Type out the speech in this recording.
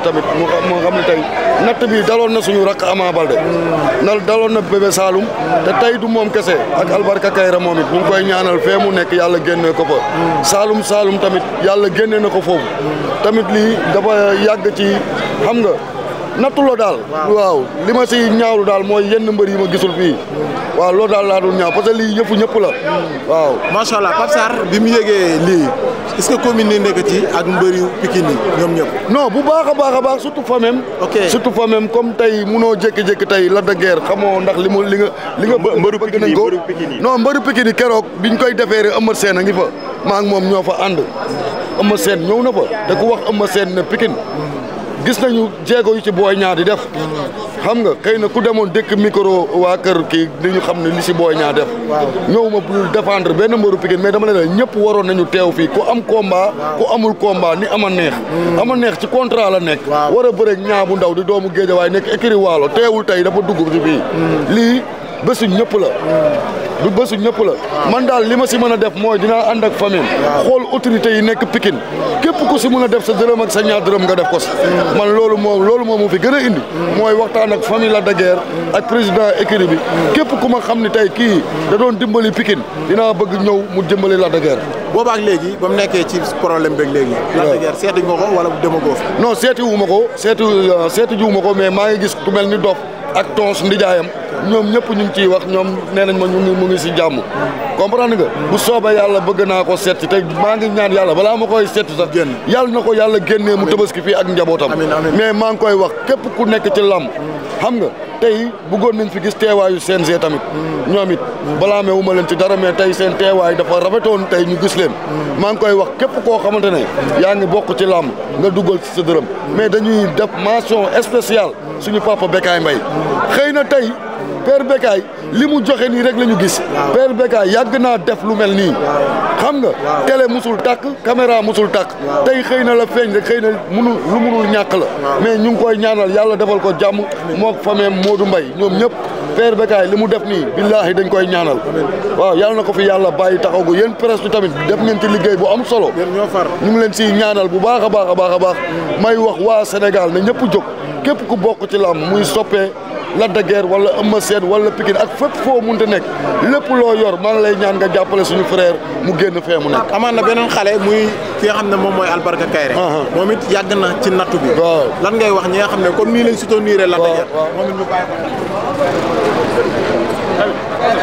tamit mu moo xam ne tey natt bi daloon na suñu rakk Ama Baldé nal daloon na bébé Saloum te tey du moom kese ak Albarka Kayra moom it ñu koy ñaanal fee mu nekk yàlla génnee ko fa Saloum Saloum tamit yàlla génnee na ko foofu tamit lii dafa yàgg ci xam nga nattu daal. waaw li ma si ñaawlu daal mooy yenn mbër yi ma gisul fii. waaw loolu daal laa dul ñaaw parce lii yëpp ñëpp la. waaw allah Pape Sarr bi mu yëgee lii est ce que commune nekk ci ak mbër yu Pikine yi ñoom ñëpp. non bu baax a baax a baax surtout fa même. ok fa même comme tey munoo jékki-jékki tey la de guerre xamoo ndax li mu li nga. li nga mbëru Pikine yi mbëru Pikine yi non mbëru Pikine yi keroog biñ koy defeere Eumeu Sène a ngi fa maa ngi moom ñoo fa ànd Eumeu seen ñëw na fa te ku wax Eumeu seen ne Pikine gis nañu jéego yu ci booy ñaa di def xam nga xëy na ku demoon dëkk micro waa kër kii di ñu xam ne li si booy ñaa def ñëwuma pour défendre benn mbaru Pikine mais dama leen ñëpp waroon nañu teew fii ku am combat ku amul combat ni a neex am hmm. ama neex ci contrat la nekk war a bëreeg ñaa bu ndaw di doomu géejawaay nekk écurie Waalo teewul tey dafa dugg ci fii hmm. lii bésu ñëpp la hmm. du bësu ñëpp la man daal li ma si mën a def mooy dinaa ànd ak famille xool autorité yi nekk pikin képp ku si mën a def sa dërëm ak sa ñaar dërëm nga def ko si man loolu moom loolu moom mu fi gën a indi mooy waxtaan ak famille la de guerre ak président écurie bi képp ku ma xam ne tey kii da dimbali Pikine dinaa bëgg ñëw mu dimbali la de guerre boobaak léegi ba mu nekkee ci problème beeg léegi la seeti nga ko wala demagoo fi non seeti wu ma ko seeti seeti ji wu ko mais maa ngi gis ku mel ni dof ak tons ndijaayam ñoom ñëpp ñu ngi ciy wax ñoom nee nañ ma ñu ngi mu ngi si jàmm comprendre nga bu soobee yàlla bëgg naa ko seet si te maa ngi ñaan yàlla balaa ma koy seet sax yàlla na ko yàlla génnee mu tabaski fii ak njabootam mais maa ngi koy wax képp ku nekk ci làmm xam nga tey bëggoon nañ fi gis teewaayu CNG tamit ñoomit it balaa leen ci dara mais tey seen teewaay dafa rafetoon tey ñu gis leen maa ngi koy wax képp koo xamante ne yaa ngi bokk ci làmb nga dugal ci sa dërëm mais dañuy def mention spéciale suñu papa Bécaye mbay xëy na tey Père Bécaye li mu joxe nii rek la ñu gis Père Bécaye yàgg naa def lu mel nii xam nga télé musul tàkk caméra musul tàkk tey xëy na la feeñ rek xëy na munul lu munul ñàkk la mais ñu ngi koy ñaanal yàlla defal ko jàmm mook fameem Modou mbay ñoom ñëpp Père Bécaye li mu def nii billaahi dañ koy ñaanal waaw yàlla na ko fi yàlla bàyyi taxagu yéen presse bi tamit def ngeen ci liggéey bu am solo ñu ngi leen si ñaanal bu baax a baax a baax a baax mm. may wax waa Sénégal na ñëpp jóg mm. képp ku la de Guiers wala Eumeu Sène wala Pikine ak fépp foo munte nekk lépp loo yor man lay ñaan nga jàppale suñu frère mu génn fee mu nekk. amaan na beneen xale muy ki nga xam ne moom mooy Albarka Kayre. moom it yàgg na ci nattu bi. waaw lan ngay wax ñi nga xam ne comme nii lañ si Lac de Guiers. moom it ko